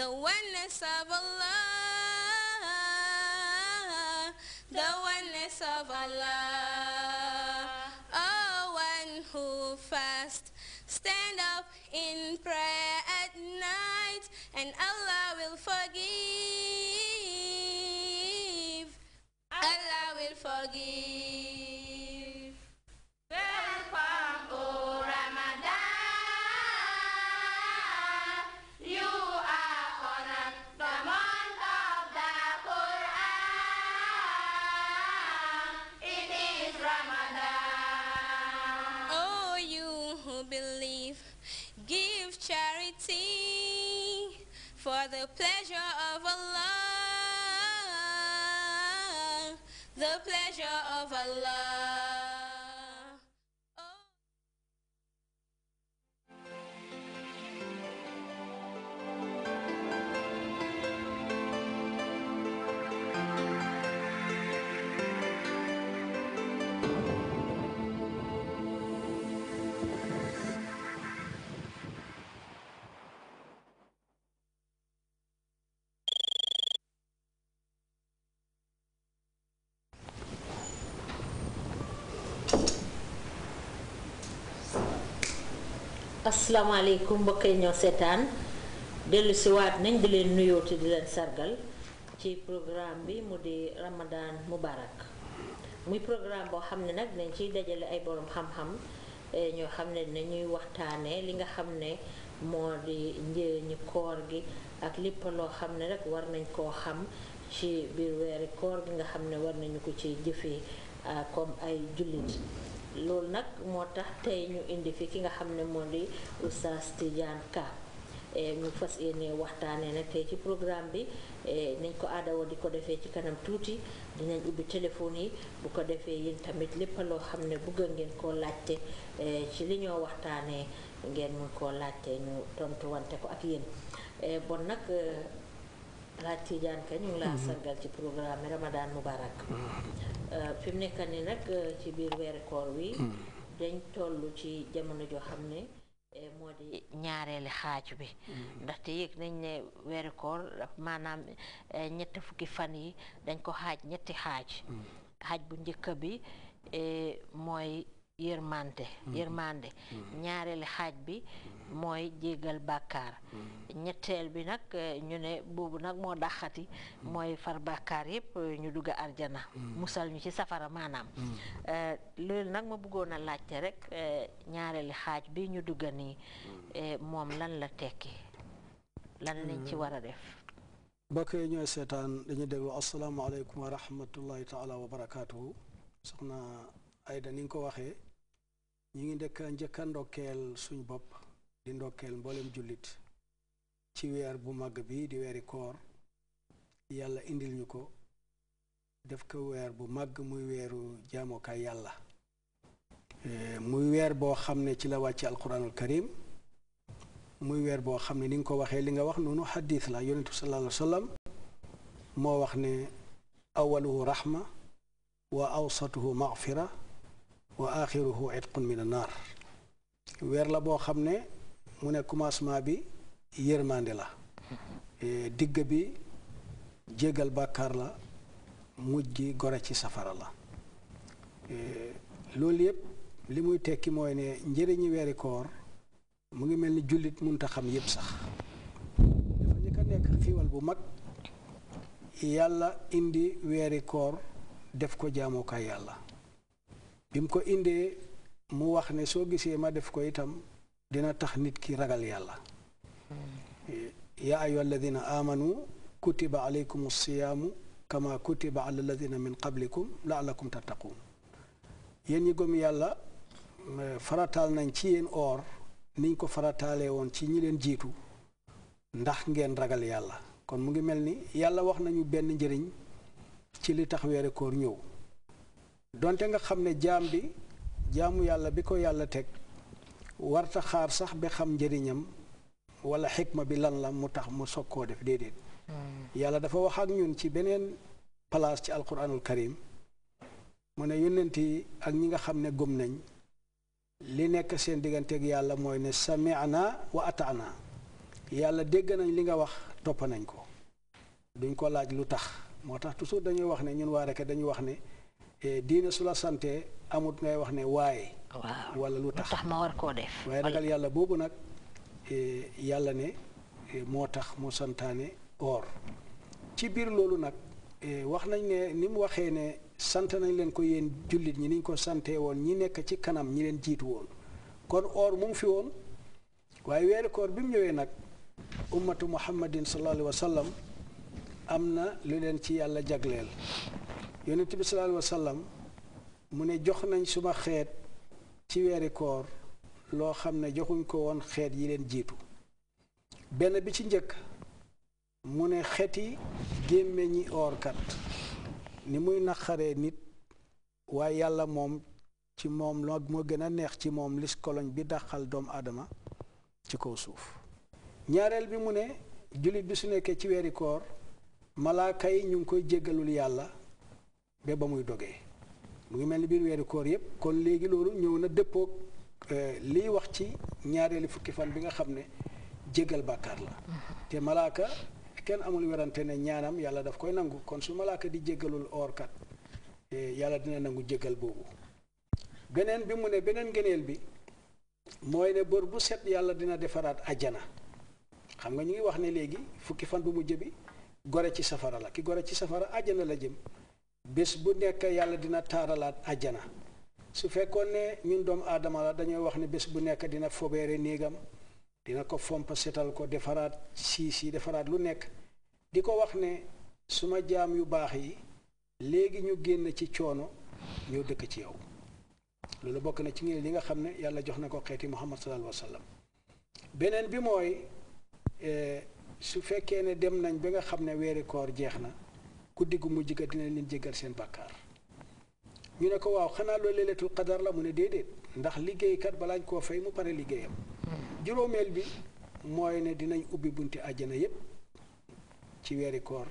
the oneness of Allah, the oneness of Allah. Oh, one who fast, stand up in prayer at night, and Allah will forgive. Allah will forgive. for the pleasure of Allah, the pleasure of Allah. asalaamaaleykum mbokk yi ñoo seetaan dellu waat nañ di leen nuyooti di leen sargal ci programme bi mu di Ramadan Mubarak muy programme boo xam ne nag nañ ciy dajale ay borom xam eh, ñoo xam ne nañuy waxtaanee li nga xam ne moo di njëriñu koor gi ak lépp loo xam ne rek war nañ koo xam ci biir weeri koor gi nga xam ne war nañu ko ci jëfee ah, comme ay jullit loolu nag moo tax tey ñu indi fi ki nga xam ne moom di Oustaz Tidiane Ka eh, ñu fas yéene waxtaanee nag tey ci programme bi eh, niñ ko aadawa di ko defee ci kanam tuuti dinañ ubbi téléphone yi bu ko defee yéen tamit lépp loo xam ne bëgg ngeen koo laajte eh, ci li ñoo waxtaanee ngeen mun koo laajte ñu tontu wante ko ak yéen bon nag laaj Tidiane Ka ñu ngi laa mm-hmm. sargal ci programme Ramadan Mubarak mm-hmm. Euh, fi mu nekk nag euh, ci biir weeru koor wi hmm. dañ toll ci jamono joo xam ne eh, moo di ñaareeli xaaj bi hmm. ndaxte yëg nañ ne weeru maanaam eh, ñetti fukki fan yi dañ ko xaaj ñetti xaaj hmm. xaaj bu njëkk bi eh, mooy yërmante yërmande mm-hmm. mm-hmm. ñaareeli xaaj bi mm-hmm. mooy jéggal bàkkaar ñetteel bi nag eh, ñu ne boobu nag moo daxati mooy far bàkkaar yépp eh, ñu dugg arjana musal ñu ci safara maanaam eh, loolu nag ma bëggoon a laajte rek ñaareeli xaaj bi ñu dugga nii moom lan la tekki lan lañ ci war a def mbokk yi ñooy seetaan dañuy déglu asalaamaaleykum wa rahmatullahi taala wa barakaatuhu soxna Ayda ni ko waxee ñi ngi ndekk njëkk a ndokkeel suñ bopp di ndokkeel mboolem jullit ci weer bu màgg bi di weeri koor yàlla indil ñu ko def ko weer bu màgg muy weeru jaamukaay yàlla e, muy weer boo xam ne ci la wàcc alquranul karim muy weer boo xam ne ni nga ko waxee li nga wax noonu xadis la yonentu sallallahu alayhi moo wax ne awaluhu rahma wa awsatuhu maghfira wa axiruhu itqun min annaar weer la boo xam ne mu ne commencement bi yërmande la e, digg bi jéggal bàkkaar la mujj gi gore ci safara la e, loolu yëpp li muy tekki mooy ne njëriñi weeri koor mu ngi mel ni jullit munta xam yëpp sax dafa njëkk a nekk xiiwal bu mag yàlla indi weeri koor def ko jaamukaay yàlla bi ko indee mu wax ne soo gisee ma def ko itam dina tax nit ki ragal yàlla hmm. yaa ayyuha alladina amanu kutiba alaykum siyaamu kama kutiba ala alladina min qablikum laalakum tattaquun yéen ñi gëm yàlla eh, farataal nañ ci yéen oor niñ ko farataalee woon ci ñi leen jiitu ndax ngeen ragal yàlla kon mu ngi mel ni yàlla wax nañu benn njëriñ ci li tax weere koor ñëw donte nga xam ne jaam bi jaamu yàlla bi ko yàlla teg warta xaar sax bi xam njëriñam wala xikma bi lan la mu tax mu soog koo def déedéet hmm. yàlla dafa wax ak ñun ci beneen place ci alquranul karim mu ne yónnent yi ak ñi nga xam ne gëm nañ li nekk seen digganteeg yàlla mooy ne sami'na wa ata'na yàlla dégg nañ li nga wax topp nañ ko duñ ko laaj lu tax moo tax toujours dañuy wax ne ñun waa rek dañuy wax ne diine su la sante amut ngay wax ne waaye. waaw wala lu tax ma war koo def. waaye ragal yàlla boobu nag e, yàlla ne e, moo tax mu santaane or ci biir loolu nag e, wax nañ ne ni mu waxee ne sant nañ leen ko yéen jullit ñi niñ ko sante woon ñi nekk ci kanam ñi leen jiitu woon kon or mu ngi fi woon waaye weeri koor bi mu ñëwee nag ummatu muhammadin sallallahu alayhi am na lu leen ci yàlla jagleel yonent bi sallallahu alayhi mu ne jox nañ suma xeet ci weeri koor loo xam ne joxuñ ko woon xeet yi leen jiitu benn bi ci njëkk mu ne xeeti gémmeñi oorkat ni muy naqaree nit waaye yàlla moom ci moom loo moo gën a neex ci moom lis koloñ bi dàqal doomu aadama ci kaw suuf ñaareel bi mu ne jullit bi su nekkee ci weeri koor malaaka yi ñu ngi koy jéggalul yàlla ba ba muy dogee mu ngi mel ni biir weeru koor yëpp kon léegi loolu ñëw na dëppoog euh, liy wax ci ñaareeli fukki fan bi nga xam ne jéggal bàkkaar la te malaaka kenn amul werante ne ñaanam yàlla daf koy nangu kon su malaaka di jéggalul oorkat yàlla dina nangu jéggal boobu beneen bi mu ne beneen ngëneel bi mooy ne bër bu set yàlla dina defaraat ajjana xam nga ñu ngi wax ne léegi fukki fan bu mu bi gore ci safara la ki gore ci safara ajjana la jëm bés bu nekk yàlla dina taaralaat àjjana su fekkoon ne ñun doomu aadama la dañoo wax ne bés bu nekk dina fobeere néegam dina ko fomp setal ko defaraat siis yi defaraat lu nekk di ko wax ne suma jaam yu baax yi léegi ñu génn ci coono ñoo dëkk ci yow loolu bokk na ci ngeen li nga xam ne yàlla jox na ko xeeti muhammad sallallahu alayhi wa sallam beneen bi mooy eh, su fekkee ne dem nañ ba nga xam ne weeri koor jeex na guddi gu mujj ga dina leen jéggal seen bàkkaar ñu ne ko waaw xanaa loolu leelatul qadar la mu ne déedéet ndax liggéeykat balaañ koo fay mu pare liggéeyam hmm. juróomeel bi mooy ne dinañ ubbi bunti àjjana yépp ci weeri koor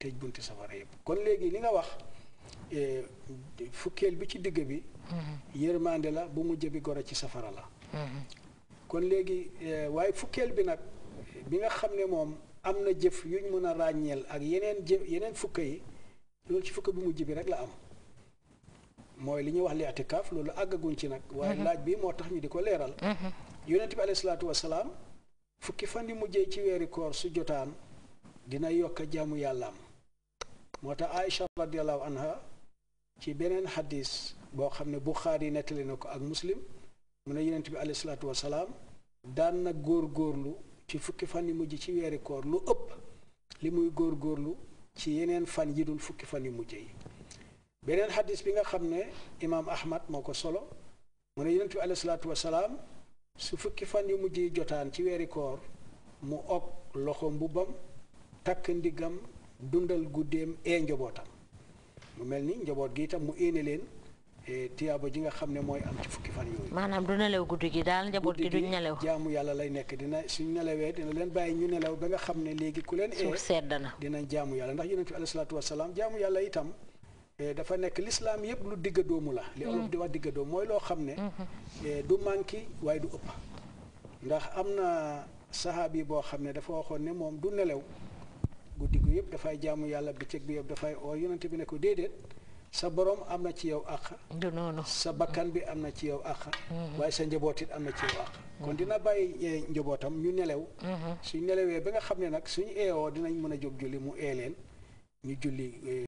tëj bunti safara yépp kon léegi li nga wax e, fukkeel bi ci digg bi hmm. yërmande la bu mujj bi goro ci safara la hmm. kon léegi e, waaye fukkeel bi nag bi nga xam ne moom am na jëf yuñ mën a ràññeel ak yeneen jëf yeneen fukk yi loolu ci fukk bu mujj bi rek la am mooy li ñuy wax li atikaaf loolu àggaguñ ci nag mm-hmm. waaye laaj bi moo tax ñu di ko leeral mm-hmm. yonent bi alayhi salaatu wasalaam fukki fan yi mujjee ci weeri koor su jotaan dina yokk jaamu yàllaam moo tax Aïcha radiallahu anha ci beneen xadis boo xam ne Buxaari nettali na ko ak muslim mu ne yonent bi alayhi salaatu wasalaam daan na góor góorlu ci fukki fan yu mujj ci weeri koor lu ëpp li muy góorlu ci yeneen fan yi dul fukki fan yu mujj yi beneen xadis bi nga xam ne imaam ahmad moo ko solo mu ne yonent bi alayhi salaatu wasalaam su fukki fan yu mujj yi jotaan ci weeri koor mu og loxo mbubbam takk ndiggam dundal guddeem ee njobootam mu mel ni njoboot gi itam mu éene leen Eh, tiyaaba ji nga xam ne mooy am ci fukki fan yooyu maanaam du nelaw guddi gi daal njaboot gi duñ nelaw jaamu yàlla lay nekk dina suñ nelawee dina leen bàyyi ñu nelaw ba nga xam ne léegi ku leen ee eh, sedd na dinañ jaamu yàlla ndax yonent bi alayhi salaatu wasalaam jaamu yàlla itam eh, dafa nekk lislaam yëpp lu digga doomu la li olof di wax digga doomu mooy loo xam ne mm-hmm. du manki waaye du ëpp ndax am na sahaabi boo xam ne dafa waxoon ne moom du nelaw guddi gu yëpp dafay jaamu yàlla bëccëg bi yëpp sa borom am na ci yow àq. sa bakkan bi am na ci yow àq. Mm-hmm. waaye sa njaboot am na ci yow àq. Mm-hmm. kon dina bàyyi eh, njabootam ñu nelew. Mm-hmm. suñ nelewee ba nga xam ne nag suñu eewoo dinañ mën a jóg julli mu ee leen ñu julli. Eh,